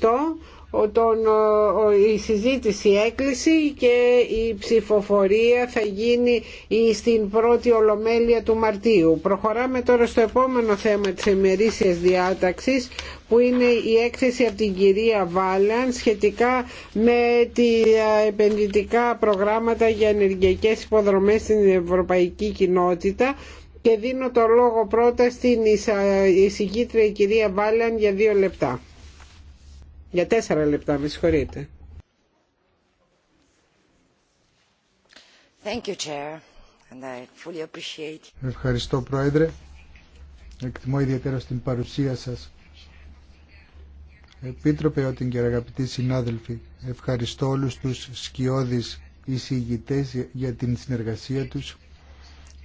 Ευχαριστώ. Τον, η συζήτηση έκλεισε και η ψηφοφορία θα γίνει στην πρώτη ολομέλεια του Μαρτίου. Προχωράμε τώρα στο επόμενο θέμα της εμερήσιας διάταξης που είναι η έκθεση από την κυρία Βάλαν σχετικά με τα ε, επενδυτικά προγράμματα για ενεργειακές υποδρομές στην Ευρωπαϊκή Κοινότητα και δίνω το λόγο πρώτα στην εισηγήτρια κυρία Βάλαν για δύο λεπτά. Για τέσσερα λεπτά, με συγχωρείτε. Thank you, Chair. And I fully appreciate... Ευχαριστώ, Πρόεδρε. Εκτιμώ ιδιαίτερα στην παρουσία σας. Επίτροπε και αγαπητοί συνάδελφοι, ευχαριστώ όλους τους σκιώδεις εισηγητές για την συνεργασία τους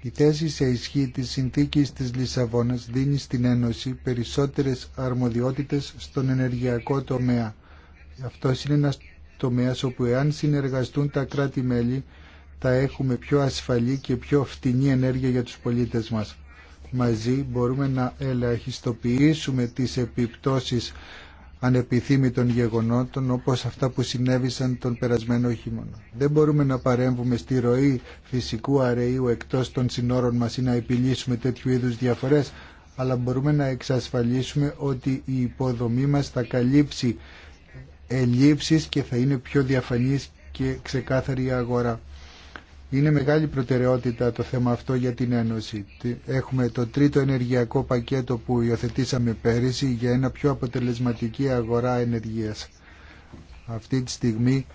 η θέση σε ισχύ της συνθήκης της Λισαβόνας δίνει στην Ένωση περισσότερες αρμοδιότητες στον ενεργειακό τομέα. Αυτό είναι ένας τομέας όπου εάν συνεργαστούν τα κράτη-μέλη θα έχουμε πιο ασφαλή και πιο φτηνή ενέργεια για τους πολίτες μας. Μαζί μπορούμε να ελαχιστοποιήσουμε τις επιπτώσεις ανεπιθύμητων γεγονότων όπως αυτά που συνέβησαν τον περασμένο χειμώνα. Δεν μπορούμε να παρέμβουμε στη ροή φυσικού αραιίου εκτός των συνόρων μας ή να επιλύσουμε τέτοιου είδους διαφορές, αλλά μπορούμε να εξασφαλίσουμε ότι η υποδομή μας θα καλύψει ελλείψεις και θα είναι πιο διαφανής και ξεκάθαρη η αγορά. Είναι μεγάλη προτεραιότητα το θέμα αυτό για την Ένωση. Έχουμε το τρίτο ενεργειακό πακέτο που υιοθετήσαμε πέρυσι για ένα πιο αποτελεσματική αγορά ενεργείας. Αυτή τη στιγμή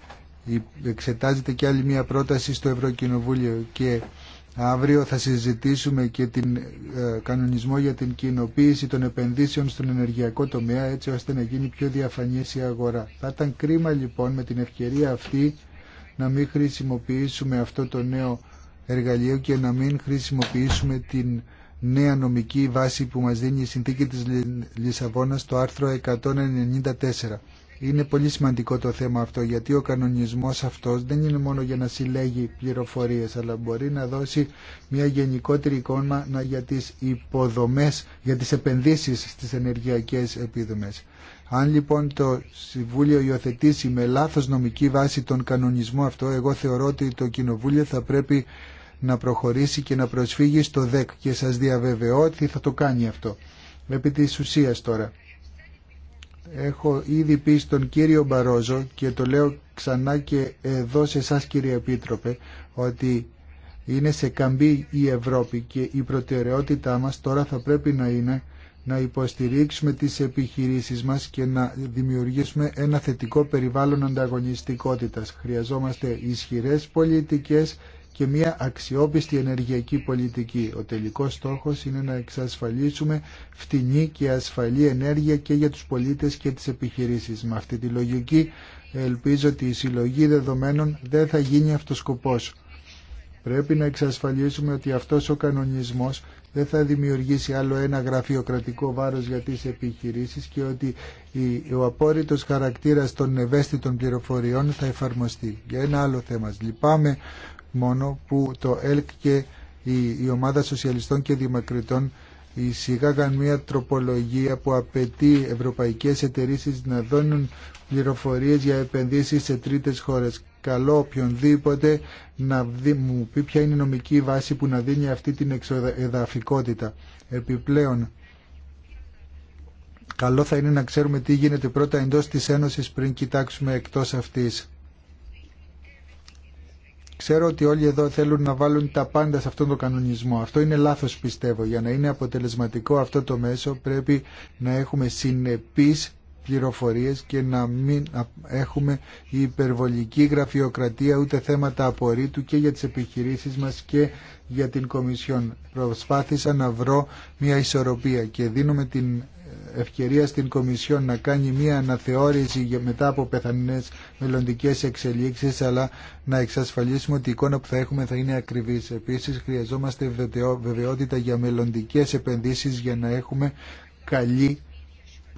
εξετάζεται και άλλη μια πρόταση στο Ευρωκοινοβούλιο και αύριο θα συζητήσουμε και την ε, κανονισμό για την κοινοποίηση των επενδύσεων στον ενεργειακό τομέα έτσι ώστε να γίνει πιο διαφανής η αγορά. Θα ήταν κρίμα λοιπόν με την ευκαιρία αυτή να μην χρησιμοποιήσουμε αυτό το νέο εργαλείο και να μην χρησιμοποιήσουμε την νέα νομική βάση που μας δίνει η συνθήκη της Λισαβόνας το άρθρο 194. Είναι πολύ σημαντικό το θέμα αυτό γιατί ο κανονισμός αυτός δεν είναι μόνο για να συλλέγει πληροφορίες αλλά μπορεί να δώσει μια γενικότερη εικόνα για τις υποδομές, για τις επενδύσεις στις ενεργειακές επίδομες. Αν λοιπόν το Συμβούλιο υιοθετήσει με λάθος νομική βάση τον κανονισμό αυτό, εγώ θεωρώ ότι το Κοινοβούλιο θα πρέπει να προχωρήσει και να προσφύγει στο ΔΕΚ και σας διαβεβαιώ ότι θα το κάνει αυτό. Επί της ουσίας τώρα. Έχω ήδη πει στον κύριο Μπαρόζο και το λέω ξανά και εδώ σε εσά κύριε Επίτροπε ότι είναι σε καμπή η Ευρώπη και η προτεραιότητά μας τώρα θα πρέπει να είναι να υποστηρίξουμε τις επιχειρήσεις μας και να δημιουργήσουμε ένα θετικό περιβάλλον ανταγωνιστικότητας. Χρειαζόμαστε ισχυρές πολιτικές και μια αξιόπιστη ενεργειακή πολιτική. Ο τελικός στόχος είναι να εξασφαλίσουμε φτηνή και ασφαλή ενέργεια και για τους πολίτες και τις επιχειρήσεις. Με αυτή τη λογική ελπίζω ότι η συλλογή δεδομένων δεν θα γίνει αυτός σκοπός. Πρέπει να εξασφαλίσουμε ότι αυτός ο κανονισμός δεν θα δημιουργήσει άλλο ένα γραφειοκρατικό βάρος για τις επιχειρήσεις και ότι ο απόρριτος χαρακτήρας των ευαίσθητων πληροφοριών θα εφαρμοστεί. Για ένα άλλο θέμα. Λυπάμαι μόνο που το ΕΛΚ και η, ομάδα σοσιαλιστών και δημοκρατών εισηγάγαν μια τροπολογία που απαιτεί ευρωπαϊκές εταιρείες να δώνουν πληροφορίες για επενδύσεις σε τρίτες χώρες. Καλό οποιονδήποτε να μου πει ποια είναι η νομική βάση που να δίνει αυτή την εξοδαφικότητα. Επιπλέον, καλό θα είναι να ξέρουμε τι γίνεται πρώτα εντός της Ένωσης πριν κοιτάξουμε εκτός αυτής. Ξέρω ότι όλοι εδώ θέλουν να βάλουν τα πάντα σε αυτόν τον κανονισμό. Αυτό είναι λάθος πιστεύω. Για να είναι αποτελεσματικό αυτό το μέσο πρέπει να έχουμε συνεπείς πληροφορίες και να μην έχουμε υπερβολική γραφειοκρατία ούτε θέματα απορρίτου και για τις επιχειρήσεις μας και για την Κομισιόν. Προσπάθησα να βρω μια ισορροπία και δίνουμε την ευκαιρία στην Κομισιόν να κάνει μια αναθεώρηση μετά από πεθανές μελλοντικέ εξελίξεις αλλά να εξασφαλίσουμε ότι η εικόνα που θα έχουμε θα είναι ακριβής. Επίσης χρειαζόμαστε βεβαιότητα για μελλοντικέ επενδύσεις για να έχουμε καλή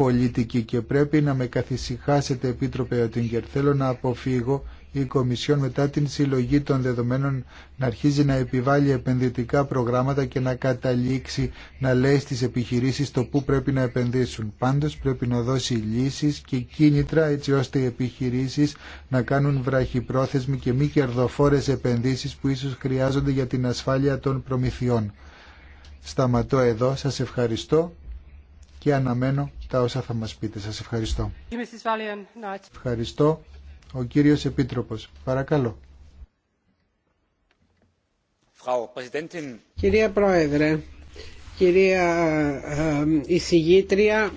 πολιτική και πρέπει να με καθησυχάσετε Επίτροπε ότι Θέλω να αποφύγω η Κομισιόν μετά την συλλογή των δεδομένων να αρχίζει να επιβάλλει επενδυτικά προγράμματα και να καταλήξει να λέει στις επιχειρήσεις το πού πρέπει να επενδύσουν. Πάντως πρέπει να δώσει λύσεις και κίνητρα έτσι ώστε οι επιχειρήσεις να κάνουν βραχυπρόθεσμοι και μη κερδοφόρες επενδύσεις που ίσως χρειάζονται για την ασφάλεια των προμηθειών. Σταματώ εδώ. Σας ευχαριστώ και αναμένω τα όσα θα μας πείτε. Σας ευχαριστώ. Ευχαριστώ. Ο κύριος Επίτροπος. Παρακαλώ. Κυρία Πρόεδρε, κυρία ε, ε, Ισηγήτρια,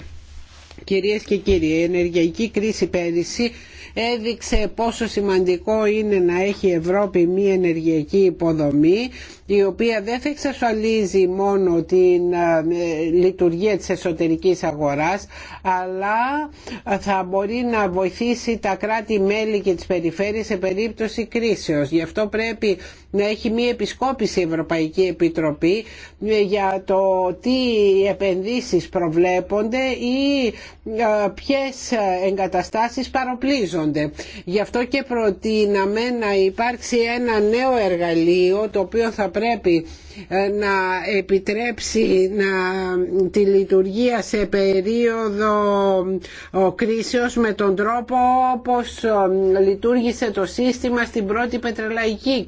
κυρίες και κύριοι, η ενεργειακή κρίση πέρυσι έδειξε πόσο σημαντικό είναι να έχει η Ευρώπη μία ενεργειακή υποδομή η οποία δεν θα εξασφαλίζει μόνο την ε, λειτουργία της εσωτερικής αγοράς αλλά θα μπορεί να βοηθήσει τα κράτη-μέλη και τις περιφέρειες σε περίπτωση κρίσεως. Γι' αυτό πρέπει να έχει μία επισκόπηση η Ευρωπαϊκή Επιτροπή ε, για το τι επενδύσεις προβλέπονται ή ε, ποιες εγκαταστάσεις παροπλίζονται. Γι' αυτό και προτείναμε να υπάρξει ένα νέο εργαλείο το οποίο θα πρέπει ε, να επιτρέψει να, τη λειτουργία σε περίοδο κρίσεως με τον τρόπο όπως λειτουργήσε το σύστημα στην πρώτη πετρελαϊκή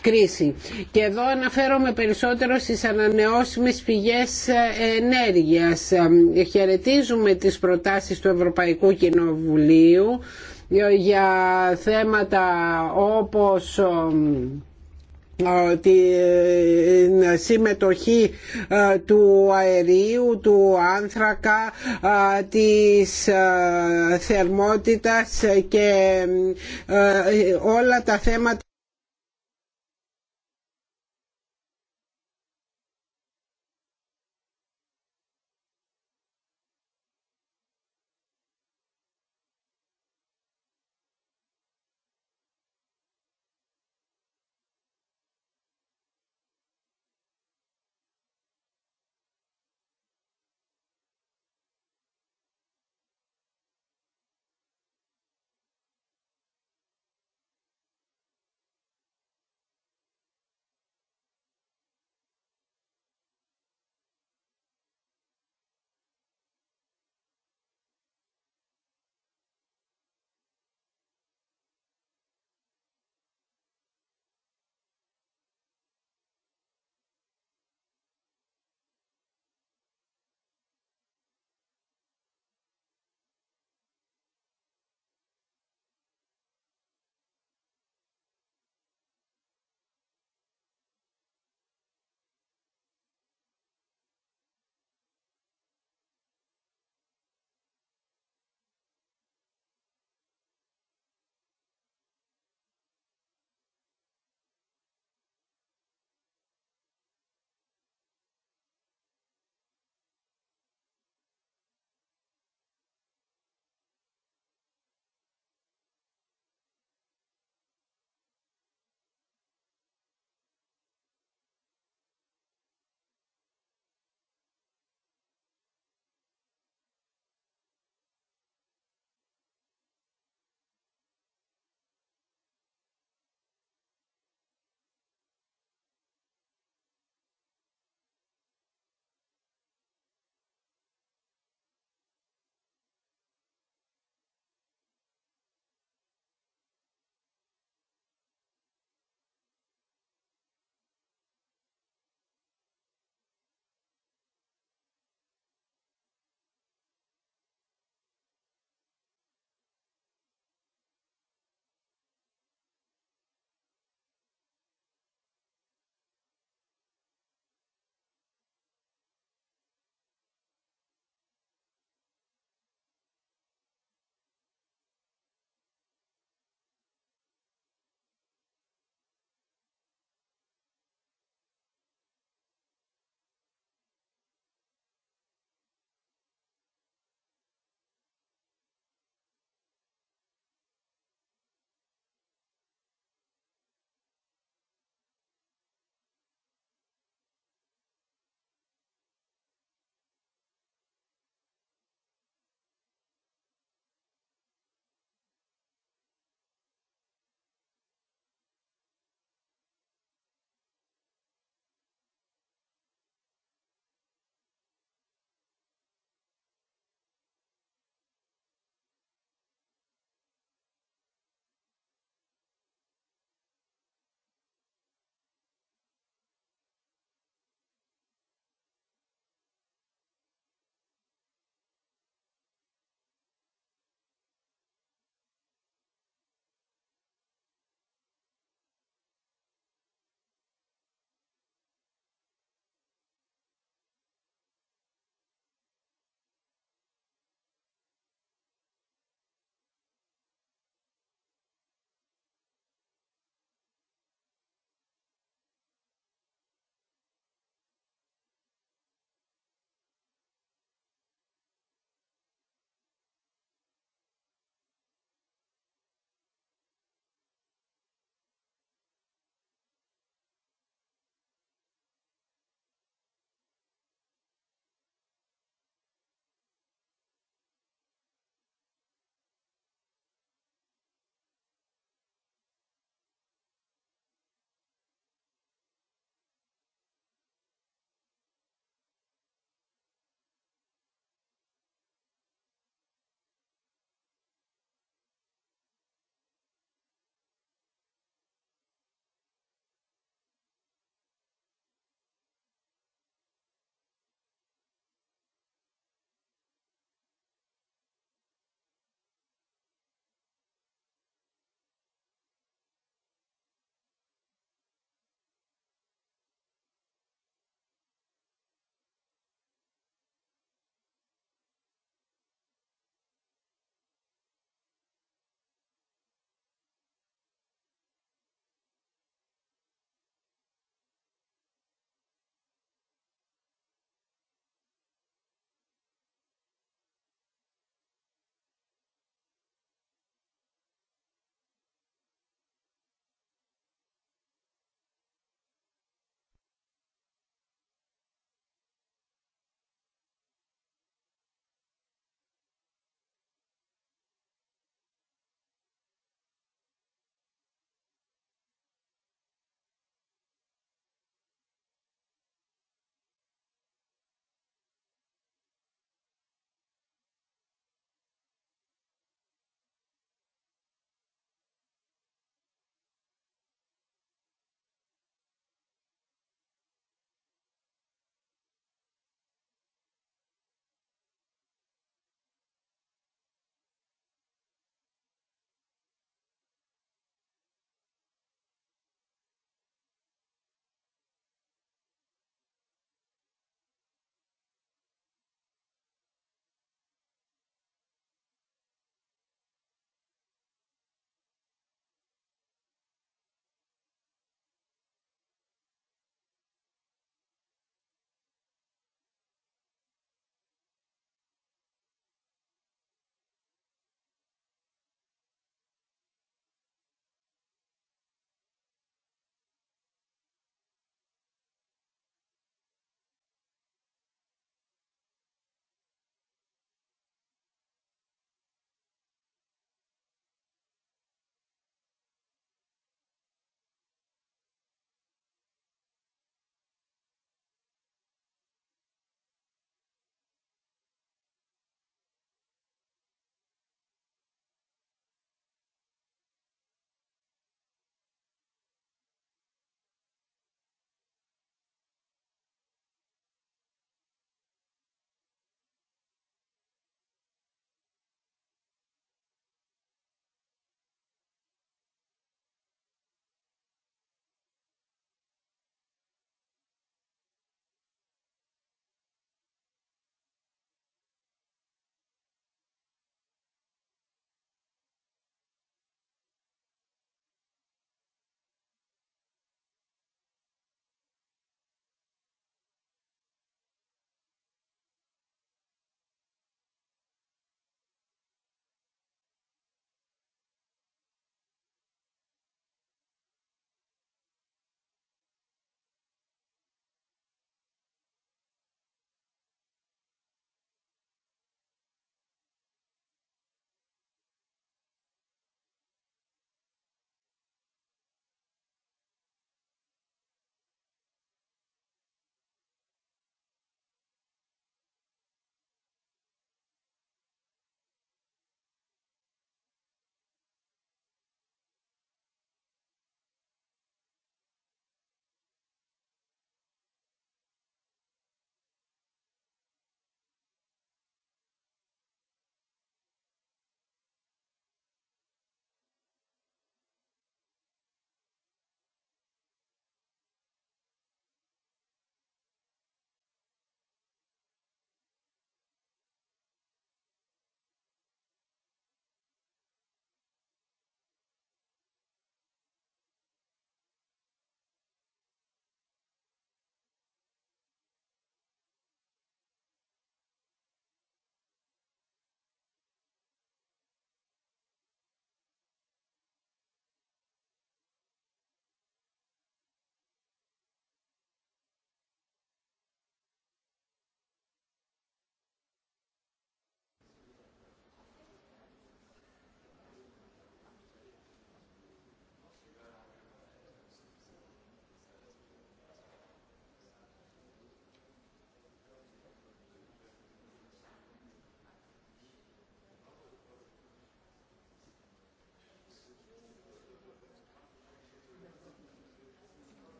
κρίση. Και εδώ αναφέρομαι περισσότερο στις ανανεώσιμες πηγές ε, ενέργειας. Ε, χαιρετίζουμε τις προτάσεις του Ευρωπαϊκού Κοινοβουλίου για θέματα όπως την ε, ε, συμμετοχή ε, του αερίου, του άνθρακα, της θερμότητας και όλα τα θέματα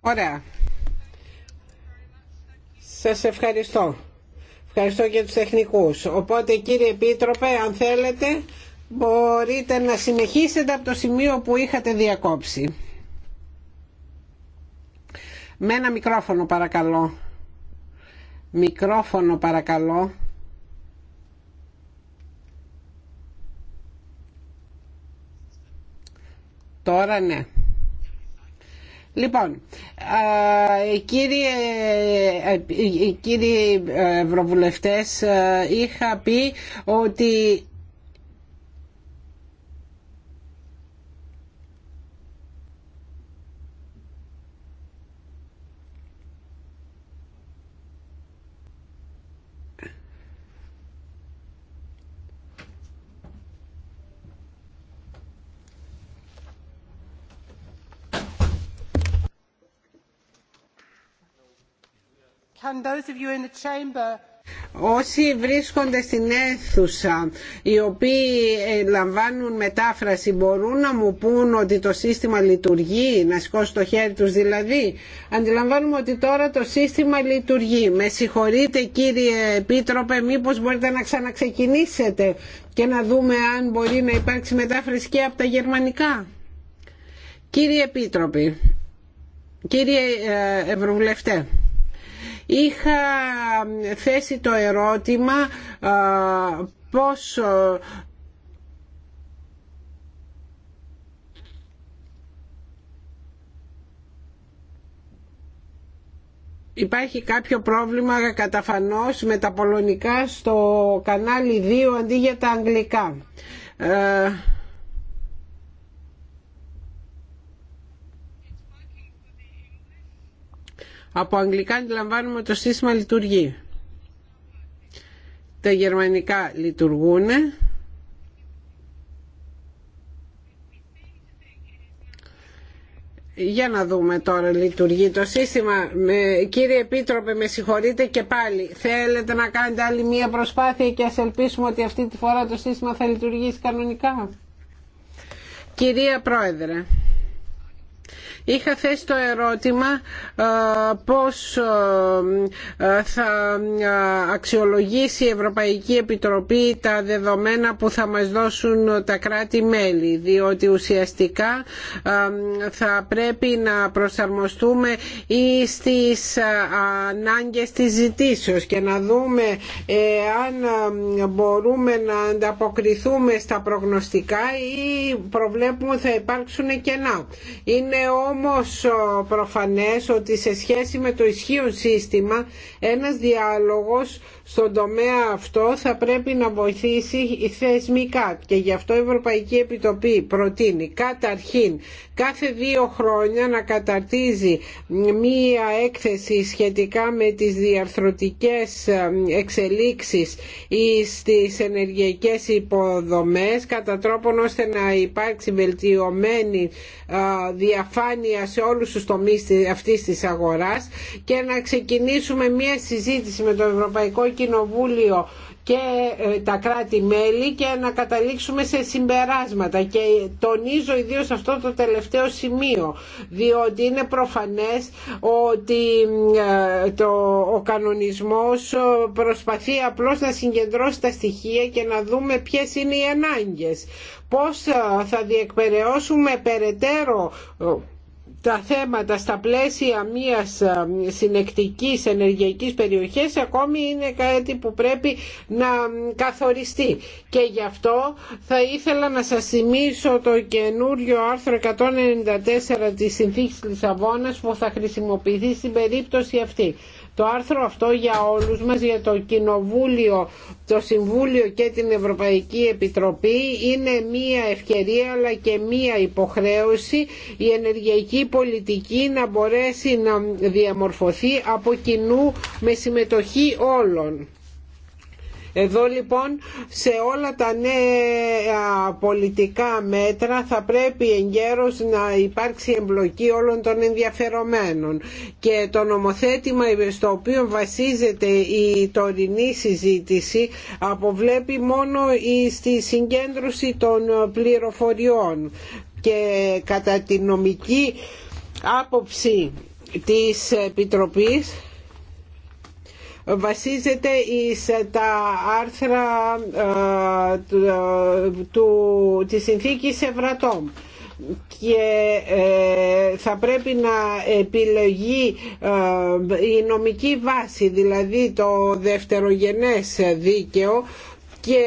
Ωραία. Σας ευχαριστώ. Ευχαριστώ και τους τεχνικούς. Οπότε κύριε Επίτροπε, αν θέλετε, μπορείτε να συνεχίσετε από το σημείο που είχατε διακόψει. Με ένα μικρόφωνο παρακαλώ. Μικρόφωνο παρακαλώ. Τώρα ναι. Λοιπόν, κύριε, κύριοι ε, ε, ε, Ευρωβουλευτές, είχα πει ότι όσοι βρίσκονται στην αίθουσα οι οποίοι ε, λαμβάνουν μετάφραση μπορούν να μου πούν ότι το σύστημα λειτουργεί να σηκώσουν το χέρι τους δηλαδή αντιλαμβάνουμε ότι τώρα το σύστημα λειτουργεί με συγχωρείτε κύριε Επίτροπε μήπως μπορείτε να ξαναξεκινήσετε και να δούμε αν μπορεί να υπάρξει μετάφραση και από τα γερμανικά κύριε Επίτροπε κύριε ε, Ευρωβουλευτέ είχα θέσει το ερώτημα πώς Υπάρχει κάποιο πρόβλημα καταφανώς με τα πολωνικά στο κανάλι 2 αντί για τα αγγλικά. Ε, Από αγγλικά αντιλαμβάνουμε ότι το σύστημα λειτουργεί. Τα γερμανικά λειτουργούν. Για να δούμε τώρα λειτουργεί το σύστημα. κύριε Επίτροπε, με συγχωρείτε και πάλι. Θέλετε να κάνετε άλλη μία προσπάθεια και ας ελπίσουμε ότι αυτή τη φορά το σύστημα θα λειτουργήσει κανονικά. Κυρία Πρόεδρε. Είχα θέσει το ερώτημα ε, πώς ε, ε, θα αξιολογήσει η Ευρωπαϊκή Επιτροπή τα δεδομένα που θα μας δώσουν τα κράτη-μέλη διότι ουσιαστικά θα πρέπει να προσαρμοστούμε ή στις ανάγκες της ζητήσεως και να δούμε αν μπορούμε να ανταποκριθούμε στα προγνωστικά ή προβλέπουμε θα υπάρξουν κενά. Είναι όμως ε, προφανές ότι σε σχέση με το ισχύον σύστημα ένας διάλογος στον τομέα αυτό θα πρέπει να βοηθήσει η θεσμικά και γι' αυτό η Ευρωπαϊκή Επιτροπή προτείνει καταρχήν κάθε δύο χρόνια να καταρτίζει μία έκθεση σχετικά με τις διαρθρωτικές ε, εξελίξεις στις ενεργειακές υποδομές κατά τρόπον ώστε να υπάρξει βελτιωμένη ε, διαφάνεια σε όλους τους τομείς αυτής της αγοράς και να ξεκινήσουμε μία συζήτηση με το Ευρωπαϊκό Κοινοβούλιο και ε, τα κράτη-μέλη και να καταλήξουμε σε συμπεράσματα και τονίζω ιδίως αυτό το τελευταίο σημείο διότι είναι προφανές ότι ε, το, ο κανονισμός ε, προσπαθεί απλώς να συγκεντρώσει τα στοιχεία και να δούμε ποιες είναι οι ανάγκες πώς θα διεκπαιρεώσουμε περαιτέρω τα θέματα στα πλαίσια μιας ε, συνεκτικής ενεργειακής περιοχής ακόμη είναι κάτι που πρέπει να καθοριστεί. Και γι' αυτό θα ήθελα να σας θυμίσω το καινούριο άρθρο 194 της Συνθήκης Λισαβόνας που θα χρησιμοποιηθεί στην περίπτωση αυτή. Το άρθρο αυτό για όλους μας, για το Κοινοβούλιο, το Συμβούλιο και την Ευρωπαϊκή Επιτροπή είναι μία ευκαιρία αλλά και μία υποχρέωση η ενεργειακή πολιτική να μπορέσει να διαμορφωθεί από κοινού με συμμετοχή όλων. Εδώ λοιπόν σε όλα τα νέα πολιτικά μέτρα θα πρέπει εγκαίρως να υπάρξει εμπλοκή όλων των ενδιαφερομένων και το νομοθέτημα στο οποίο βασίζεται η τωρινή συζήτηση αποβλέπει μόνο στη συγκέντρωση των πληροφοριών και κατά τη νομική άποψη της Επιτροπής βασίζεται σε τα άρθρα ε, ε, του, της συνθήκης Ευρατών και ε, θα πρέπει να επιλεγεί η νομική βάση, δηλαδή το δευτερογενές δίκαιο και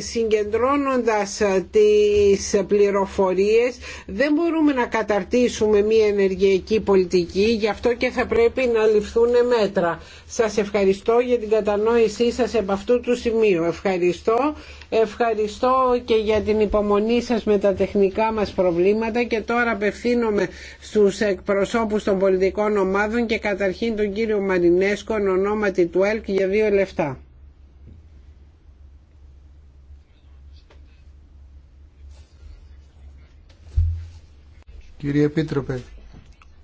συγκεντρώνοντας ε, τις πληροφορίες δεν μπορούμε να καταρτήσουμε μία ενεργειακή πολιτική γι' αυτό και θα πρέπει να ληφθούν μέτρα. Σας ευχαριστώ για την κατανόησή σας από αυτού του σημείου. Ευχαριστώ. Ευχαριστώ και για την υπομονή σας με τα τεχνικά μας προβλήματα και τώρα απευθύνομαι στους εκπροσώπους των πολιτικών ομάδων και καταρχήν τον κύριο Μαρινέσκο ονόματι του ΕΛΚ για δύο λεφτά. Κύριε Επίτροπε,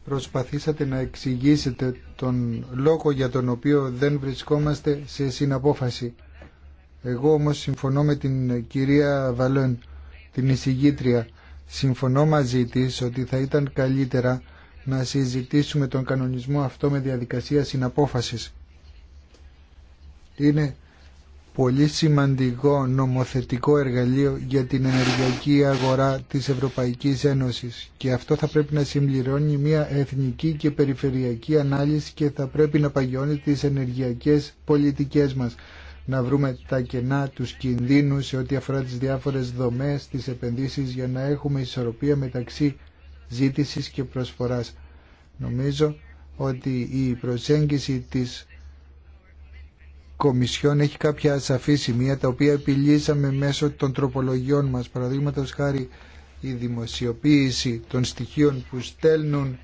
προσπαθήσατε να εξηγήσετε τον λόγο για τον οποίο δεν βρισκόμαστε σε συναπόφαση. Εγώ όμως συμφωνώ με την κυρία Βαλόν, την εισηγήτρια. Συμφωνώ μαζί της ότι θα ήταν καλύτερα να συζητήσουμε τον κανονισμό αυτό με διαδικασία συναπόφασης. Είναι πολύ σημαντικό νομοθετικό εργαλείο για την ενεργειακή αγορά της Ευρωπαϊκής Ένωσης και αυτό θα πρέπει να συμπληρώνει μια εθνική και περιφερειακή ανάλυση και θα πρέπει να παγιώνει τις ενεργειακές πολιτικές μας να βρούμε τα κενά, τους κινδύνους σε ό,τι αφορά τις διάφορες δομές, τις επενδύσεις για να έχουμε ισορροπία μεταξύ ζήτησης και προσφοράς. Νομίζω ότι η προσέγγιση της Κομισιόν έχει κάποια ασαφή σημεία τα οποία επιλύσαμε μέσω των τροπολογιών μας. Παραδείγματος χάρη η δημοσιοποίηση των στοιχείων που στέλνουν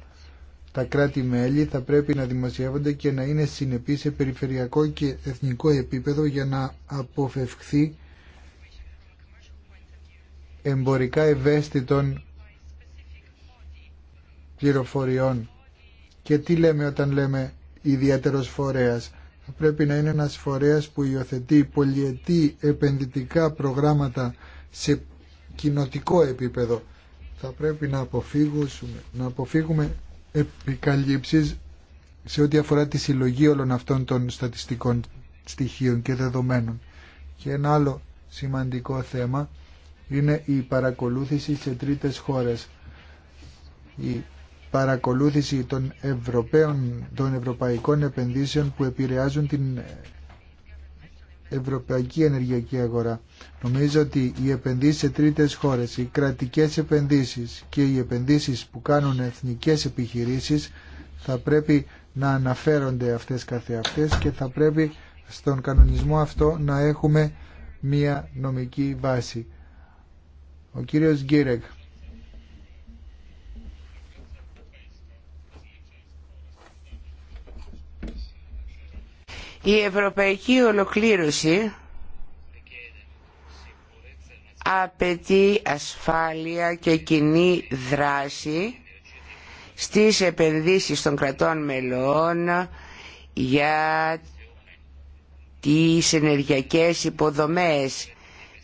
τα κράτη-μέλη θα πρέπει να δημοσιεύονται και να είναι συνεπεί σε περιφερειακό και εθνικό επίπεδο για να αποφευχθεί εμπορικά ευαίσθητων πληροφοριών. Και τι λέμε όταν λέμε ιδιαίτερος φορέας θα πρέπει να είναι ένας φορέας που υιοθετεί πολιετή επενδυτικά προγράμματα σε κοινοτικό επίπεδο. Θα πρέπει να αποφύγουμε, να αποφύγουμε επικαλύψεις σε ό,τι αφορά τη συλλογή όλων αυτών των στατιστικών στοιχείων και δεδομένων. Και ένα άλλο σημαντικό θέμα είναι η παρακολούθηση σε τρίτες χώρες παρακολούθηση των, Ευρωπαίων, των ευρωπαϊκών επενδύσεων που επηρεάζουν την ευρωπαϊκή ενεργειακή αγορά. Νομίζω ότι οι επενδύσεις σε τρίτες χώρες, οι κρατικές επενδύσεις και οι επενδύσεις που κάνουν εθνικές επιχειρήσεις θα πρέπει να αναφέρονται αυτές αυτές και θα πρέπει στον κανονισμό αυτό να έχουμε μία νομική βάση. Ο κύριος Γκίρεκ. Η ευρωπαϊκή ολοκλήρωση απαιτεί ασφάλεια και κοινή δράση στις επενδύσεις των κρατών μελών για τις ενεργειακές υποδομές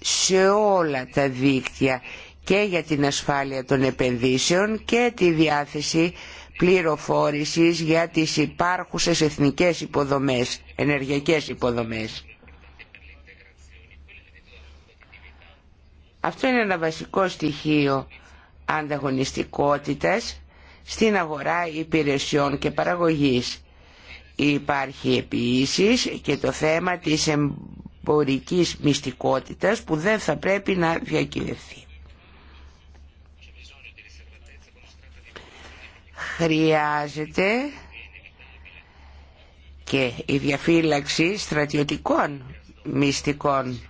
σε όλα τα δίκτυα και για την ασφάλεια των επενδύσεων και τη διάθεση πληροφόρησης για τις υπάρχουσες εθνικές υποδομές, ενεργειακές υποδομές. Αυτό είναι ένα βασικό στοιχείο ανταγωνιστικότητας στην αγορά υπηρεσιών και παραγωγής. Υπάρχει επίσης και το θέμα της εμπορικής μυστικότητας που δεν θα πρέπει να διακυβευτεί. χρειάζεται και η διαφύλαξη στρατιωτικών μυστικών.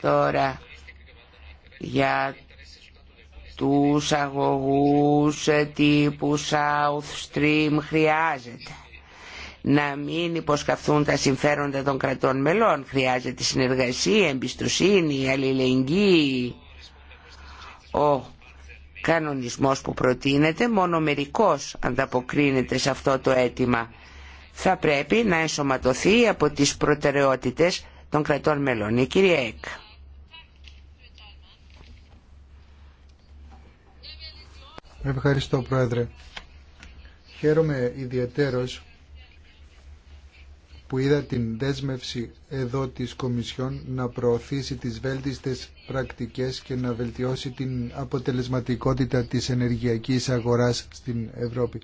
Τώρα για τους αγωγούς τύπου South Stream χρειάζεται να μην υποσκαφθούν τα συμφέροντα των κρατών μελών. Χρειάζεται συνεργασία, εμπιστοσύνη, αλληλεγγύη. Ο κανονισμός που προτείνεται μόνο μερικός ανταποκρίνεται σε αυτό το αίτημα. Θα πρέπει να ενσωματωθεί από τις προτεραιότητες των κρατών μελών. Η κυρία Εκ. Ευχαριστώ Πρόεδρε. Χαίρομαι ιδιαίτερος που είδα την δέσμευση εδώ της Κομισιόν να προωθήσει τις βέλτιστες πρακτικές και να βελτιώσει την αποτελεσματικότητα της ενεργειακής αγοράς στην Ευρώπη.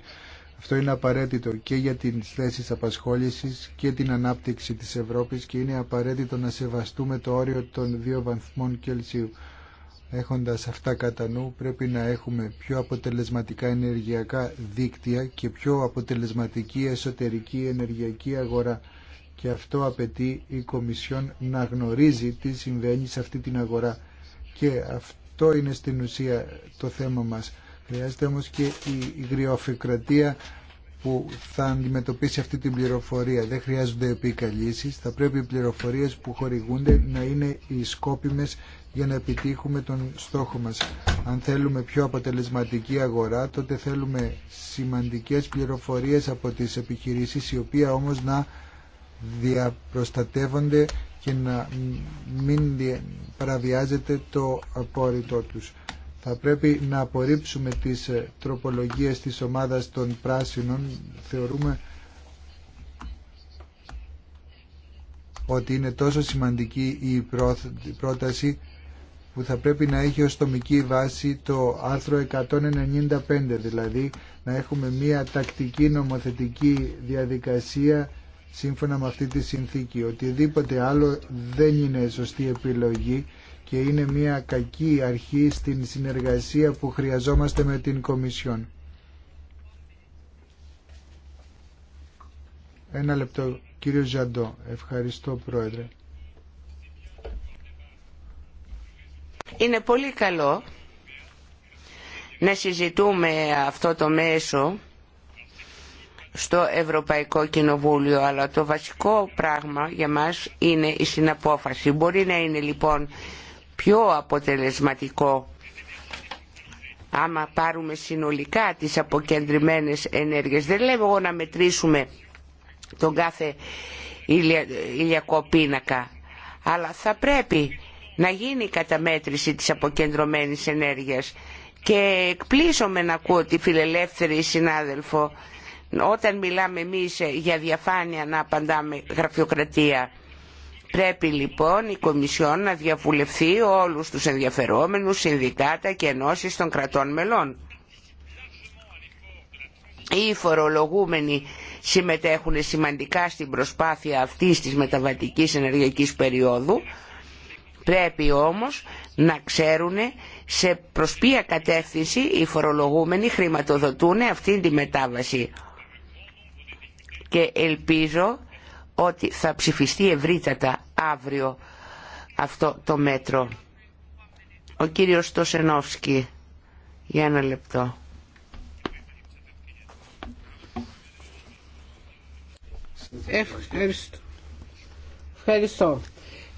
Αυτό είναι απαραίτητο και για τις θέσεις απασχόληση και την ανάπτυξη της Ευρώπης και είναι απαραίτητο να σεβαστούμε το όριο των δύο βαθμών Κελσίου. Έχοντας αυτά κατά νου πρέπει να έχουμε πιο αποτελεσματικά ενεργειακά δίκτυα και πιο αποτελεσματική εσωτερική ενεργειακή αγορά και αυτό απαιτεί η Κομισιόν να γνωρίζει τι συμβαίνει σε αυτή την αγορά και αυτό είναι στην ουσία το θέμα μας. Χρειάζεται όμως και η γριοφυκρατία που θα αντιμετωπίσει αυτή την πληροφορία. Δεν χρειάζονται επικαλήσεις. θα πρέπει οι πληροφορίες που χορηγούνται να είναι οι σκόπιμες για να επιτύχουμε τον στόχο μας. Αν θέλουμε πιο αποτελεσματική αγορά, τότε θέλουμε σημαντικές πληροφορίες από τις επιχειρήσεις, οι οποία όμως να διαπροστατεύονται και να μην παραβιάζεται το απόρριτό τους. Θα πρέπει να απορρίψουμε τις ε, τροπολογίες της ομάδας των πράσινων. Θεωρούμε ότι είναι τόσο σημαντική η πρόταση που θα πρέπει να έχει ως τομική βάση το άρθρο 195, δηλαδή να έχουμε μία τακτική νομοθετική διαδικασία σύμφωνα με αυτή τη συνθήκη. Οτιδήποτε άλλο δεν είναι σωστή επιλογή και είναι μια κακή αρχή στην συνεργασία που χρειαζόμαστε με την Κομισιόν. Ένα λεπτό, κύριο Ζαντό. Ευχαριστώ, Πρόεδρε. Είναι πολύ καλό να συζητούμε αυτό το μέσο στο Ευρωπαϊκό Κοινοβούλιο αλλά το βασικό πράγμα για μας είναι η συναπόφαση. Μπορεί να είναι λοιπόν πιο αποτελεσματικό άμα πάρουμε συνολικά τις αποκεντρημένες ενέργειες. Δεν λέω εγώ να μετρήσουμε τον κάθε ηλιακό πίνακα αλλά θα πρέπει να γίνει η καταμέτρηση της αποκεντρωμένης ενέργειας και με να ακούω τη φιλελεύθερη συνάδελφο όταν μιλάμε εμείς για διαφάνεια να απαντάμε γραφειοκρατία. Πρέπει λοιπόν η Κομισιόν να διαβουλευθεί όλους τους ενδιαφερόμενους συνδικάτα και ενώσεις των κρατών μελών. Οι φορολογούμενοι συμμετέχουν σημαντικά στην προσπάθεια αυτής της μεταβατικής ενεργειακής περίοδου. Πρέπει όμως να ξέρουν σε προς ποια κατεύθυνση οι φορολογούμενοι χρηματοδοτούν αυτή τη μετάβαση και ελπίζω ότι θα ψηφιστεί ευρύτατα αύριο αυτό το μέτρο. Ο κύριος Στοσενόφσκι, για ένα λεπτό. Ευχαριστώ. Ευχαριστώ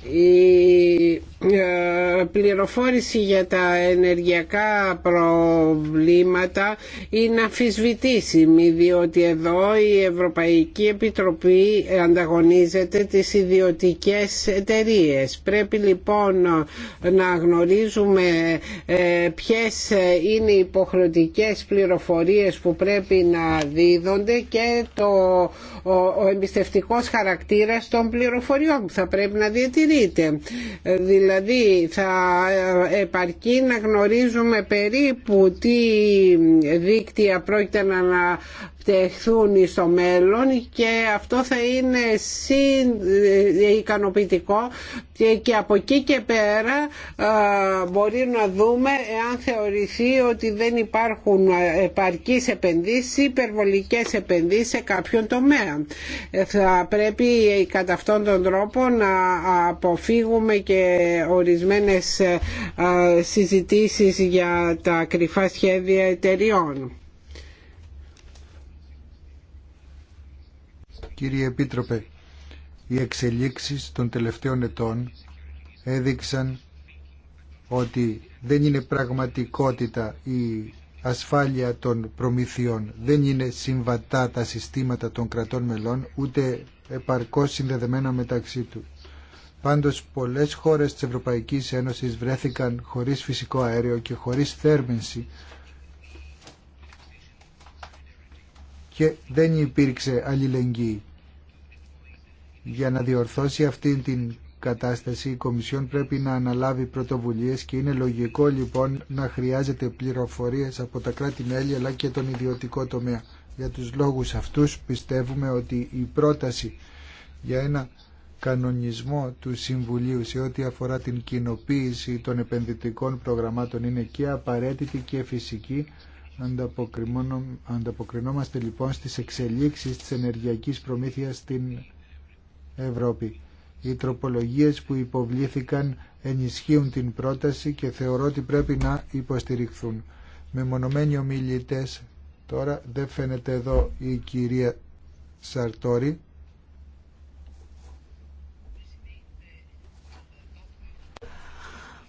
η ε, πληροφόρηση για τα ενεργειακά προβλήματα είναι αμφισβητήσιμη διότι εδώ η Ευρωπαϊκή Επιτροπή ανταγωνίζεται τις ιδιωτικές εταιρείε. Πρέπει λοιπόν να γνωρίζουμε ε, ποιες είναι οι υποχρεωτικές πληροφορίες που πρέπει να δίδονται και το ο, ο εμπιστευτικός χαρακτήρας των πληροφοριών που θα πρέπει να διατηρείται. Ε, δηλαδή θα ε, επαρκεί να γνωρίζουμε περίπου τι δίκτυα πρόκειται να στο μέλλον και αυτό θα είναι ε, ικανοποιητικό και από εκεί και πέρα ε, μπορεί να δούμε εάν θεωρηθεί ότι δεν υπάρχουν επαρκείς επενδύσεις ή υπερβολικές επενδύσεις σε κάποιον τομέα. Ε, θα πρέπει κατά αυτόν τον τρόπο να αποφύγουμε και ορισμένες συζητήσεις για τα κρυφά σχέδια εταιριών. Κύριε Επίτροπε, οι εξελίξεις των τελευταίων ετών έδειξαν ότι δεν είναι πραγματικότητα η ασφάλεια των προμηθειών. Δεν είναι συμβατά τα συστήματα των κρατών μελών, ούτε επαρκώς συνδεδεμένα μεταξύ του. Πάντως πολλές χώρες της Ευρωπαϊκής Ένωσης βρέθηκαν χωρίς φυσικό αέριο και χωρίς θέρμινση και δεν υπήρξε αλληλεγγύη. Για να διορθώσει αυτή την κατάσταση η Κομισιόν πρέπει να αναλάβει πρωτοβουλίες και είναι λογικό λοιπόν να χρειάζεται πληροφορίες από τα κράτη-μέλη αλλά και τον ιδιωτικό τομέα. Για τους λόγους αυτούς πιστεύουμε ότι η πρόταση για ένα κανονισμό του Συμβουλίου σε ό,τι αφορά την κοινοποίηση των επενδυτικών προγραμμάτων είναι και απαραίτητη και φυσική. Ανταποκρινόμαστε λοιπόν στις εξελίξεις της ενεργειακής προμήθειας στην Ευρώπη. Οι τροπολογίες που υποβλήθηκαν ενισχύουν την πρόταση και θεωρώ ότι πρέπει να υποστηριχθούν. Με μονομένοι ομιλητές τώρα δεν φαίνεται εδώ η κυρία Σαρτόρη.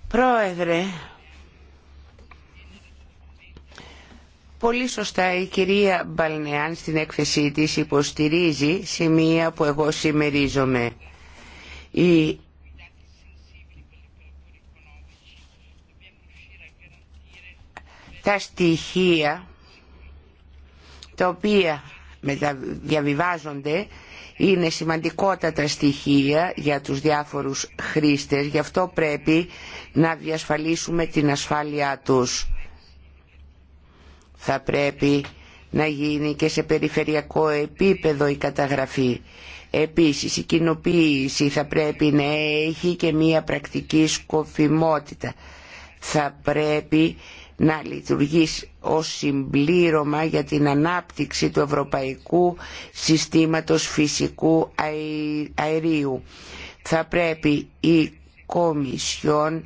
Πρόεδρε, Πολύ σωστά η κυρία Μπαλνεάν στην έκθεσή της υποστηρίζει σημεία που εγώ συμμερίζομαι. Η... Τα στοιχεία τα οποία διαβιβάζονται είναι σημαντικότατα στοιχεία για τους διάφορους χρήστες, γι' αυτό πρέπει να διασφαλίσουμε την ασφάλειά τους θα πρέπει να γίνει και σε περιφερειακό επίπεδο η καταγραφή. Επίσης η κοινοποίηση θα πρέπει να έχει και μία πρακτική σκοφιμότητα. Θα πρέπει να λειτουργεί ως συμπλήρωμα για την ανάπτυξη του Ευρωπαϊκού Συστήματος Φυσικού Αερίου. Θα πρέπει η Κομισιόν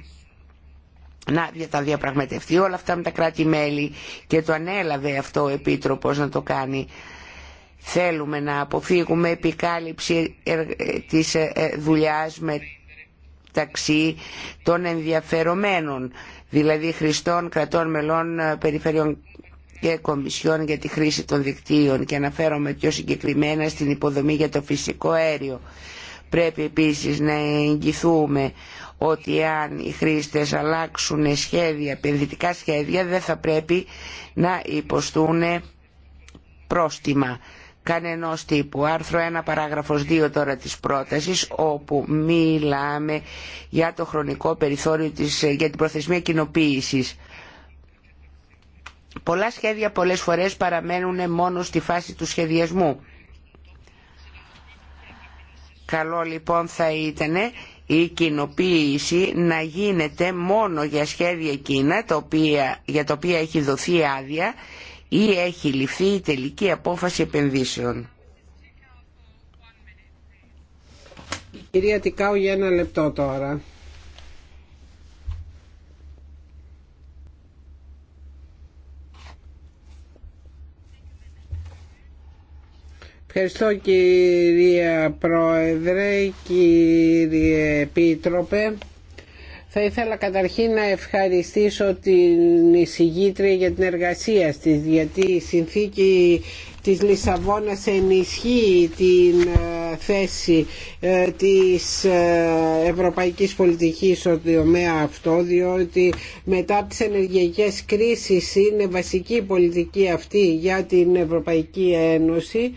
να τα διαπραγματευτεί όλα αυτά με τα κράτη-μέλη και το ανέλαβε αυτό ο Επίτροπος να το κάνει. Θέλουμε να αποφύγουμε επικάλυψη ε, της ε, ε, δουλειάς μεταξύ των ενδιαφερομένων, δηλαδή χρηστών, κρατών, μελών, περιφερειών και κομισιών για τη χρήση των δικτύων και αναφέρομαι πιο συγκεκριμένα στην υποδομή για το φυσικό αέριο. Πρέπει επίσης να εγγυθούμε ότι αν οι χρήστες αλλάξουν σχέδια, επενδυτικά σχέδια δεν θα πρέπει να υποστούν πρόστιμα κανενός τύπου. Άρθρο 1 παράγραφος 2 τώρα της πρότασης όπου μιλάμε για το χρονικό περιθώριο της, για την προθεσμία κοινοποίησης. Πολλά σχέδια πολλές φορές παραμένουν μόνο στη φάση του σχεδιασμού. Καλό λοιπόν θα ήταν η κοινοποίηση να γίνεται μόνο για σχέδια εκείνα για τα οποία έχει δοθεί άδεια ή έχει ληφθεί η τελική απόφαση επενδύσεων. Η κυρία κυρια τικαου για ένα λεπτό τώρα. Ευχαριστώ κυρία Πρόεδρε, κύριε Επίτροπε. Θα ήθελα καταρχήν να ευχαριστήσω την εισηγήτρια για την εργασία της, γιατί η συνθήκη της Λισαβόνας ενισχύει την ε, θέση ε, της ε, ευρωπαϊκής πολιτικής στο διομέα αυτό διότι μετά τις ενεργειακές κρίσεις είναι βασική πολιτική αυτή για την Ευρωπαϊκή Ένωση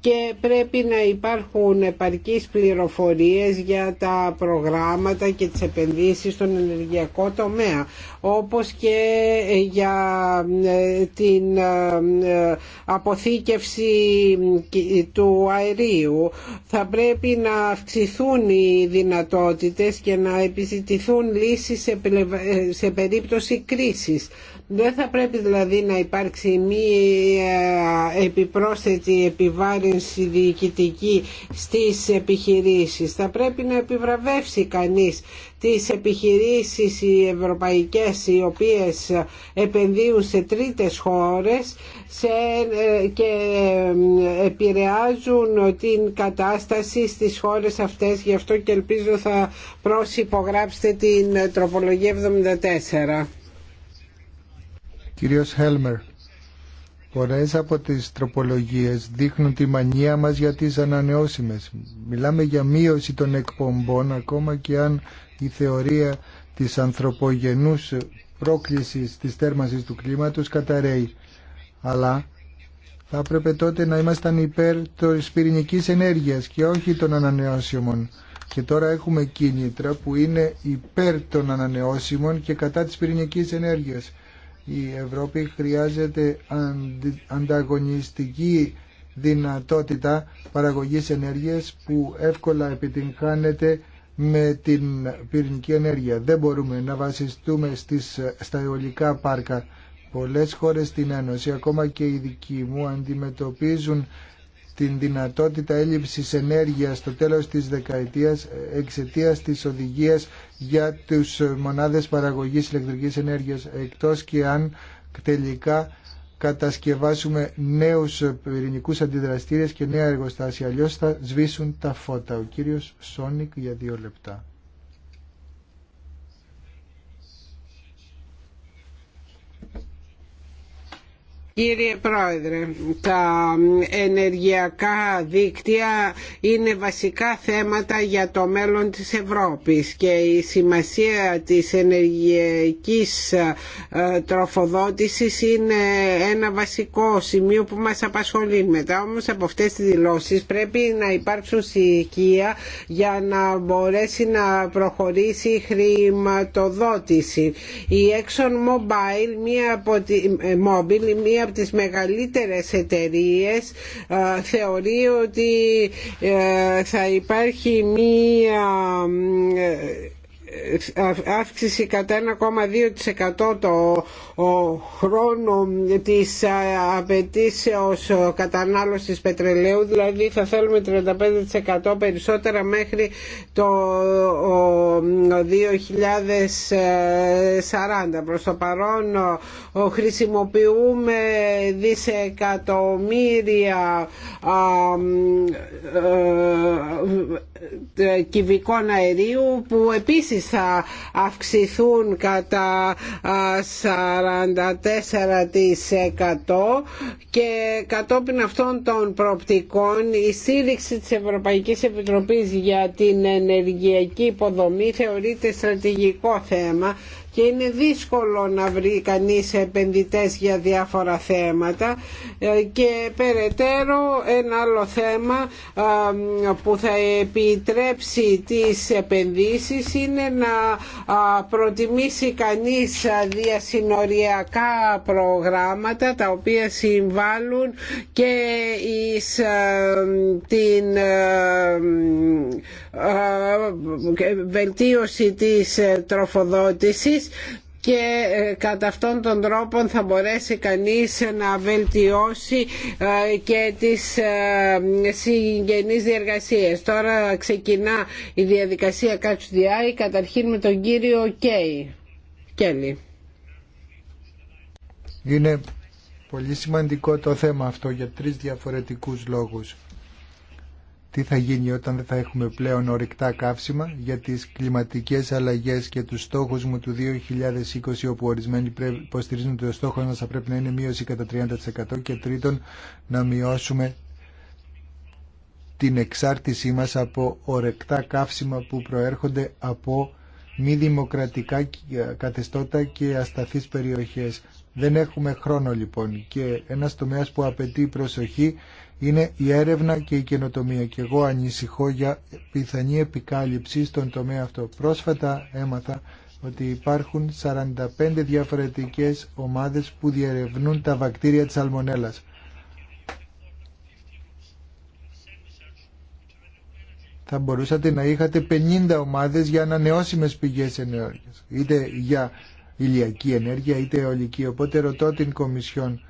και πρέπει να υπάρχουν επαρκείς πληροφορίες για τα προγράμματα και τις επενδύσεις στον ενεργειακό τομέα όπως και για ε, την ε, ε, αποθήκευση του αερίου θα πρέπει να αυξηθούν οι δυνατότητες και να επιζητηθούν λύσεις σε περίπτωση κρίσης δεν θα πρέπει δηλαδή να υπάρξει μία επιπρόσθετη επιβάρυνση διοικητική στις επιχειρήσεις. Θα πρέπει να επιβραβεύσει κανείς τις επιχειρήσεις οι ευρωπαϊκές οι οποίες επενδύουν σε τρίτες χώρες και επηρεάζουν την κατάσταση στις χώρες αυτές. Γι' αυτό και ελπίζω θα προσυπογράψετε την τροπολογία 74. Κύριος Χέλμερ, πολλές από τις τροπολογίες δείχνουν τη μανία μας για τις ανανεώσιμες. Μιλάμε για μείωση των εκπομπών ακόμα και αν η θεωρία της ανθρωπογενούς πρόκλησης της θέρμανσης του κλίματος καταραίει. Αλλά θα έπρεπε τότε να ήμασταν υπέρ της πυρηνικής ενέργειας και όχι των ανανεώσιμων. Και τώρα έχουμε κίνητρα που είναι υπέρ των ανανεώσιμων και κατά της πυρηνικής ενέργειας. Η Ευρώπη χρειάζεται ανταγωνιστική δυνατότητα παραγωγής ενέργειας που εύκολα επιτυγχάνεται με την πυρηνική ενέργεια. Δεν μπορούμε να βασιστούμε στις, στα αιωλικά πάρκα. Πολλές χώρες στην Ένωση, ακόμα και οι δικοί μου, αντιμετωπίζουν την δυνατότητα έλλειψης ενέργειας στο τέλος της δεκαετίας εξαιτίας της οδηγίας για τις μονάδες παραγωγής ηλεκτρικής ενέργειας εκτός και αν τελικά κατασκευάσουμε νέους πυρηνικούς αντιδραστήρες και νέα εργοστάσια αλλιώς θα σβήσουν τα φώτα. Ο κύριος Σόνικ για δύο λεπτά. Κύριε Πρόεδρε, τα ενεργειακά δίκτυα είναι βασικά θέματα για το μέλλον της Ευρώπης και η σημασία της ενεργειακής ε, τροφοδότησης είναι ένα βασικό σημείο που μας απασχολεί. Μετά όμως από αυτές τις δηλώσεις πρέπει να υπάρξουν στοιχεία για να μπορέσει να προχωρήσει η χρηματοδότηση. Η Exxon Mobile, μία από τη, ε, από τις μεγαλύτερες εταιρείες θεωρεί ότι ε, θα υπάρχει μία ε, αύξηση κατά 1,2% το χρόνο της απαιτήσεως κατανάλωσης πετρελαίου δηλαδή θα θέλουμε 35% περισσότερα μέχρι το 2040 προς το παρόν χρησιμοποιούμε δισεκατομμύρια κυβικών αερίου που επίσης θα αυξηθούν κατά 44% και κατόπιν αυτών των προοπτικών η στήριξη της Ευρωπαϊκής Επιτροπής για την ενεργειακή υποδομή θεωρείται στρατηγικό θέμα και είναι δύσκολο να βρει κανείς επενδυτές για διάφορα θέματα ε, και περαιτέρω ένα άλλο θέμα που θα επιτρέψει τις επενδύσεις είναι να προτιμήσει κανείς διασυνοριακά προγράμματα τα οποία συμβάλλουν και εις την βελτίωση της τροφοδότησης και ε, κατά αυτόν τον τρόπο θα μπορέσει κανείς να βελτιώσει ε, και τις ε, συγγενείς διεργασίες. Τώρα ξεκινά η διαδικασία ΚΑΤΣΤΙΑΗ καταρχήν με τον κύριο Κέι. Κέλλη. Είναι πολύ σημαντικό το θέμα αυτό για τρεις διαφορετικούς λόγους τι θα γίνει όταν δεν θα έχουμε πλέον ορυκτά καύσιμα για τις κλιματικές αλλαγές και τους στόχους μου του 2020 όπου ορισμένοι υποστηρίζουν ότι ο στόχος μας θα πρέπει να είναι μείωση κατά 30% και τρίτον να μειώσουμε την εξάρτησή μας από ορεκτά καύσιμα που προέρχονται από μη δημοκρατικά καθεστώτα και ασταθείς περιοχές. Δεν έχουμε χρόνο λοιπόν και ένας τομέας που απαιτεί προσοχή είναι η έρευνα και η καινοτομία και εγώ ανησυχώ για πιθανή επικάλυψη στον τομέα αυτό. Πρόσφατα έμαθα ότι υπάρχουν 45 διαφορετικές ομάδες που διερευνούν τα βακτήρια της αλμονέλας. Θα μπορούσατε να είχατε 50 ομάδες για ανανεώσιμες πηγές ενέργειας, είτε για ηλιακή ενέργεια είτε αιωλική. Οπότε ρωτώ την Κομισιόν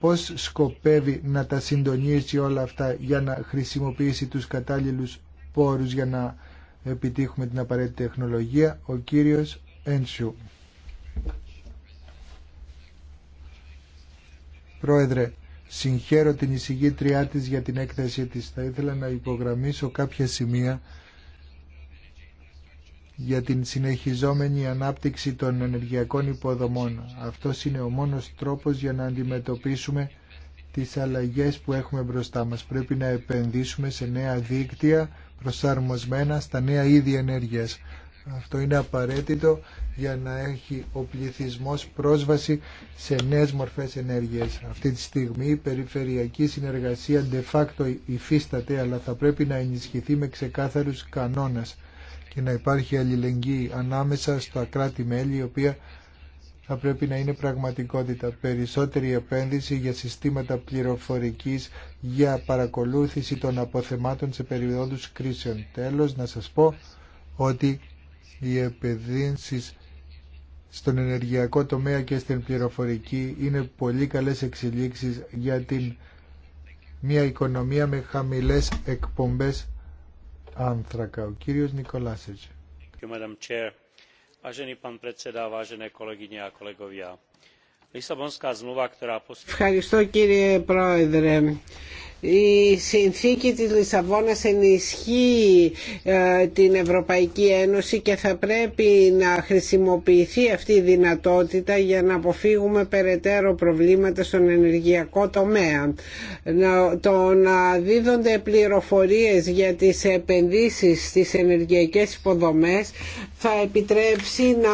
πώς σκοπεύει να τα συντονίσει όλα αυτά για να χρησιμοποιήσει τους κατάλληλους πόρους για να επιτύχουμε την απαραίτητη τεχνολογία. Ο κύριος Ένσιου. Πρόεδρε, συγχαίρω την εισηγήτριά της για την έκθεσή της. Θα ήθελα να υπογραμμίσω κάποια σημεία για την συνεχιζόμενη ανάπτυξη των ενεργειακών υποδομών. Αυτό είναι ο μόνος τρόπος για να αντιμετωπίσουμε τις αλλαγές που έχουμε μπροστά μας. Πρέπει να επενδύσουμε σε νέα δίκτυα προσαρμοσμένα στα νέα είδη ενέργειας. Αυτό είναι απαραίτητο για να έχει ο πληθυσμός πρόσβαση σε νέες μορφές ενέργειας. Αυτή τη στιγμή η περιφερειακή συνεργασία de facto υφίσταται, αλλά θα πρέπει να ενισχυθεί με ξεκάθαρους κανόνες και να υπάρχει αλληλεγγύη ανάμεσα στα κράτη-μέλη η οποία θα πρέπει να είναι πραγματικότητα. Περισσότερη επένδυση για συστήματα πληροφορικής για παρακολούθηση των αποθεμάτων σε περιόδους κρίσεων. Τέλος, να σας πω ότι οι επενδύσεις στον ενεργειακό τομέα και στην πληροφορική είναι πολύ καλές εξελίξεις για την μια οικονομία με χαμηλές εκπομπές άνθρακα. Ο κύριος Νικολάσιτς. Ευχαριστώ κύριε Πρόεδρε. Η συνθήκη της Λισαβόνας ενισχύει ε, την Ευρωπαϊκή Ένωση και θα πρέπει να χρησιμοποιηθεί αυτή η δυνατότητα για να αποφύγουμε περαιτέρω προβλήματα στον ενεργειακό τομέα. Το να δίδονται πληροφορίες για τις επενδύσεις στις ενεργειακές υποδομές θα επιτρέψει να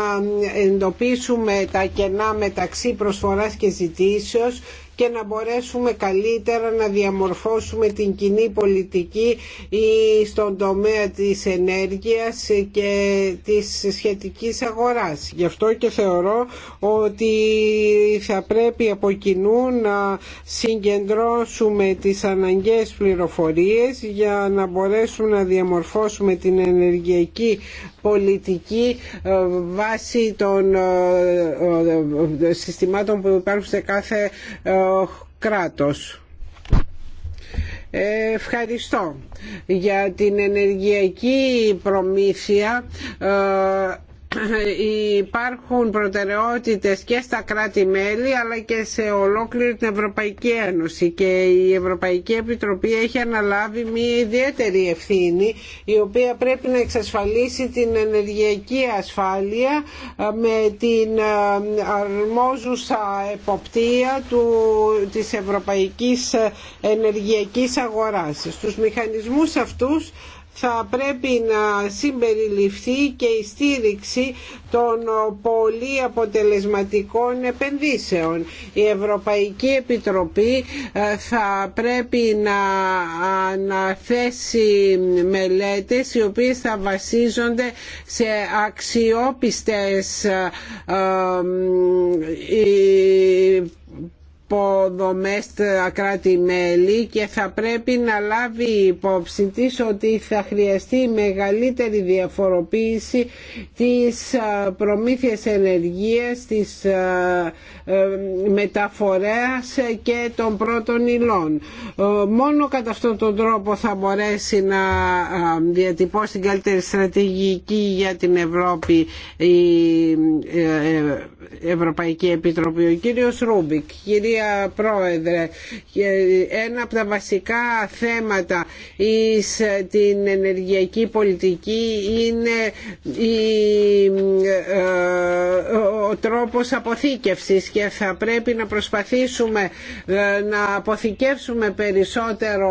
εντοπίσουμε τα κενά μεταξύ προσφοράς και ζητήσεως και να μπορέσουμε καλύτερα να διαμορφώσουμε την κοινή πολιτική στον τομέα της ενέργειας και της σχετικής αγοράς. Γι' αυτό και θεωρώ ότι θα πρέπει από κοινού να συγκεντρώσουμε τις αναγκαίες πληροφορίες για να μπορέσουμε να διαμορφώσουμε την ενεργειακή πολιτική ε, βάσει των ε, ε, συστημάτων που υπάρχουν σε κάθε κράτος. Ευχαριστώ για την ενεργειακή προμήθεια ε, υπάρχουν προτεραιότητες και στα κράτη-μέλη αλλά και σε ολόκληρη την Ευρωπαϊκή Ένωση και η Ευρωπαϊκή Επιτροπή έχει αναλάβει μια ιδιαίτερη ευθύνη η οποία πρέπει να εξασφαλίσει την ενεργειακή ασφάλεια ε, με την ε, αρμόζουσα εποπτεία του, της Ευρωπαϊκής Ενεργειακής Αγοράς. Στους μηχανισμούς αυτούς θα πρέπει να συμπεριληφθεί και η στήριξη των πολύ αποτελεσματικών επενδύσεων. Η Ευρωπαϊκή Επιτροπή ε, θα πρέπει να αναθέσει μελέτες οι οποίες θα βασίζονται σε αξιόπιστες ε, ε, υποδομές κράτη-μέλη και θα πρέπει να λάβει υπόψη της ότι θα χρειαστεί μεγαλύτερη διαφοροποίηση της προμήθειας ενεργείας, της ε, μεταφορέας και των πρώτων υλών. Ε, μόνο κατά αυτόν τον τρόπο θα μπορέσει να διατυπώσει την καλύτερη στρατηγική για την Ευρώπη η ε, Ευρωπαϊκή Επιτροπή. Ο κύριος Ρούμπικ. Πρόεδρε. Ένα από τα βασικά θέματα εις ε, την ενεργειακή πολιτική είναι ε, ε, ο τρόπος αποθήκευσης και θα πρέπει να προσπαθήσουμε να αποθηκεύσουμε περισσότερο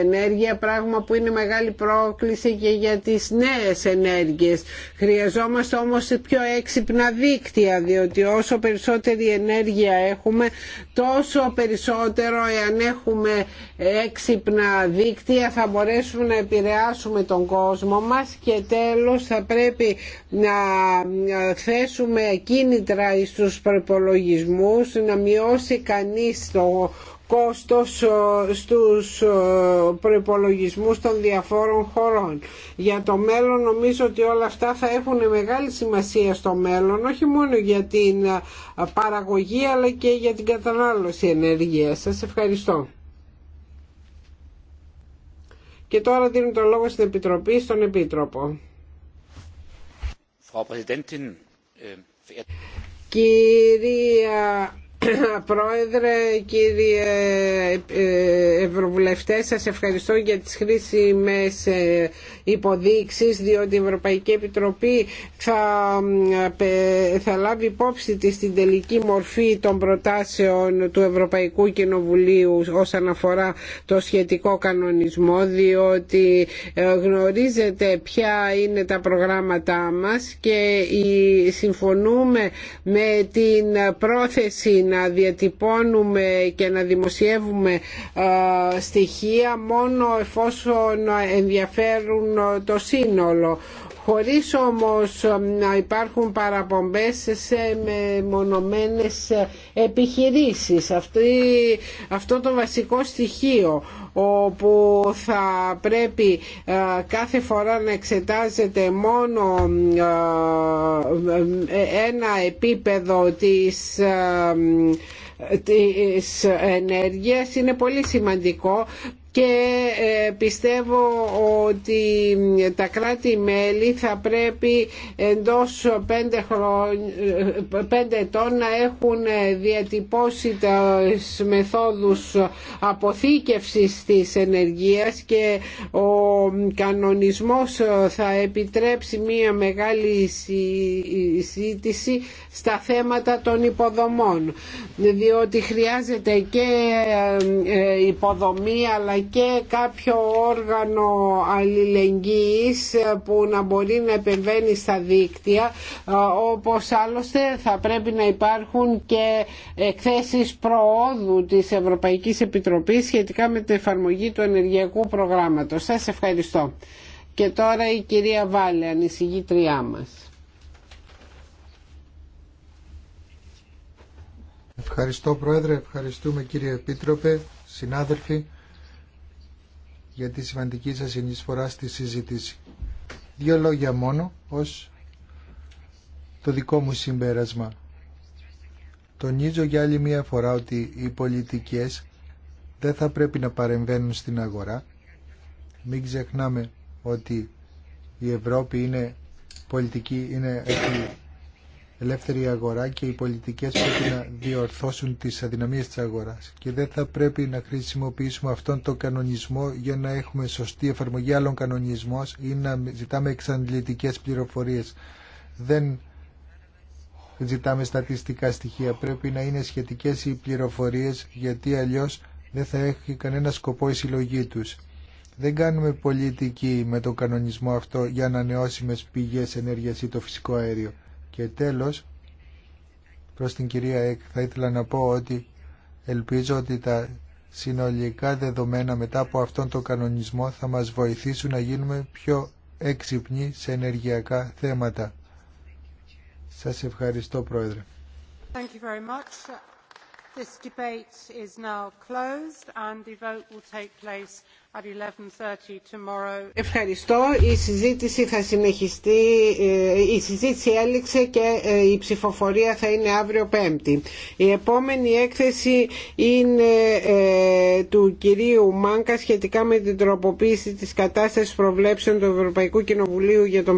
ενέργεια, πράγμα που είναι μεγάλη πρόκληση και για τις νέες ενέργειες. Χρειαζόμαστε όμως πιο έξυπνα δίκτυα, διότι όσο περισσότερη ενέργεια έχουμε, τόσο περισσότερο εάν έχουμε έξυπνα δίκτυα θα μπορέσουμε να επηρεάσουμε τον κόσμο μας και τέλος θα πρέπει να θέσουμε κίνητρα στους προπολογισμούς να μειώσει κανείς το κόστος ε, στους ε, προϋπολογισμούς των διαφόρων χωρών. Για το μέλλον νομίζω ότι όλα αυτά θα έχουν μεγάλη σημασία στο μέλλον, όχι μόνο για την ε, παραγωγή αλλά και για την κατανάλωση ενέργειας. Σας ευχαριστώ. Και τώρα δίνω το λόγο στην Επιτροπή, στον Επίτροπο. Äh, Κυρία Πρόεδρε, κύριε ε, Ευρωβουλευτέ, σας ευχαριστώ για τις χρήσιμες ε, υποδείξεις, διότι η Ευρωπαϊκή Επιτροπή θα, θα λάβει υπόψη της την τελική μορφή των προτάσεων του Ευρωπαϊκού Κοινοβουλίου όσον αφορά το σχετικό κανονισμό, διότι ε, γνωρίζετε ποια είναι τα προγράμματά μας και συμφωνούμε με την πρόθεση να διατυπώνουμε και να δημοσιεύουμε στοιχεία μόνο εφόσον ενδιαφέρουν το σύνολο χωρίς όμως ε, να υπάρχουν παραπομπές σε μονομένες ε, επιχειρήσεις. Αυτή, αυτό το βασικό στοιχείο όπου θα πρέπει ε, κάθε φορά να εξετάζεται μόνο ένα επίπεδο της της ενέργειας είναι πολύ σημαντικό και ε, πιστεύω ότι τα κράτη-μέλη θα πρέπει εντός πέντε, πέντε ετών να έχουν διατυπώσει τα μεθόδους αποθήκευσης της ενεργείας και ο κανονισμός θα επιτρέψει μία μεγάλη συζήτηση στα θέματα των υποδομών διότι χρειάζεται και ε, ε, υποδομή αλλά και κάποιο όργανο αλληλεγγύης που να μπορεί να επεμβαίνει στα δίκτυα ε, όπως άλλωστε θα πρέπει να υπάρχουν και εκθέσεις προόδου της Ευρωπαϊκής Επιτροπής σχετικά με την εφαρμογή του ενεργειακού προγράμματος. Σας ευχαριστώ. Και τώρα η κυρία Βάλε, ανησυγήτριά μας. Ευχαριστώ Πρόεδρε, ευχαριστούμε κύριε Επίτροπε, συνάδελφοι για τη σημαντική σας συνεισφορά στη συζήτηση. Δύο λόγια μόνο ως το δικό μου συμπέρασμα. Τονίζω για άλλη μία φορά ότι οι πολιτικές δεν θα πρέπει να παρεμβαίνουν στην αγορά. Μην ξεχνάμε ότι η Ευρώπη είναι πολιτική, είναι ελεύθερη αγορά και οι πολιτικές πρέπει να διορθώσουν τις αδυναμίες της αγοράς και δεν θα πρέπει να χρησιμοποιήσουμε αυτόν τον κανονισμό για να έχουμε σωστή εφαρμογή άλλων κανονισμών ή να ζητάμε εξαντλητικές πληροφορίες. Δεν ζητάμε στατιστικά στοιχεία. Πρέπει να είναι σχετικές οι πληροφορίες γιατί αλλιώς δεν θα έχει κανένα σκοπό η συλλογή τους. Δεν κάνουμε πολιτική με τον κανονισμό αυτό για ανανεώσιμες πηγές ενέργειας ή το φυσικό αέριο. Και τέλος, προς την κυρία Εκ, θα ήθελα να πω ότι ελπίζω ότι τα συνολικά δεδομένα μετά από αυτόν τον κανονισμό θα μας βοηθήσουν να γίνουμε πιο έξυπνοι σε ενεργειακά θέματα. Σας ευχαριστώ Πρόεδρε. This debate is now closed and the vote will take place at 11:30 tomorrow. Ευχαριστώ. Η συζήτηση θα συνεχιστεί, ε, η συζήτηση έληξε και ε, η ψηφοφορία θα είναι αύριο Πέμπτη. Η επόμενη έκθεση είναι ε, του κυρίου Μάνκα σχετικά με την τροποποίηση της κατάστασης προβλέψεων του Ευρωπαϊκού Κοινοβουλίου για τον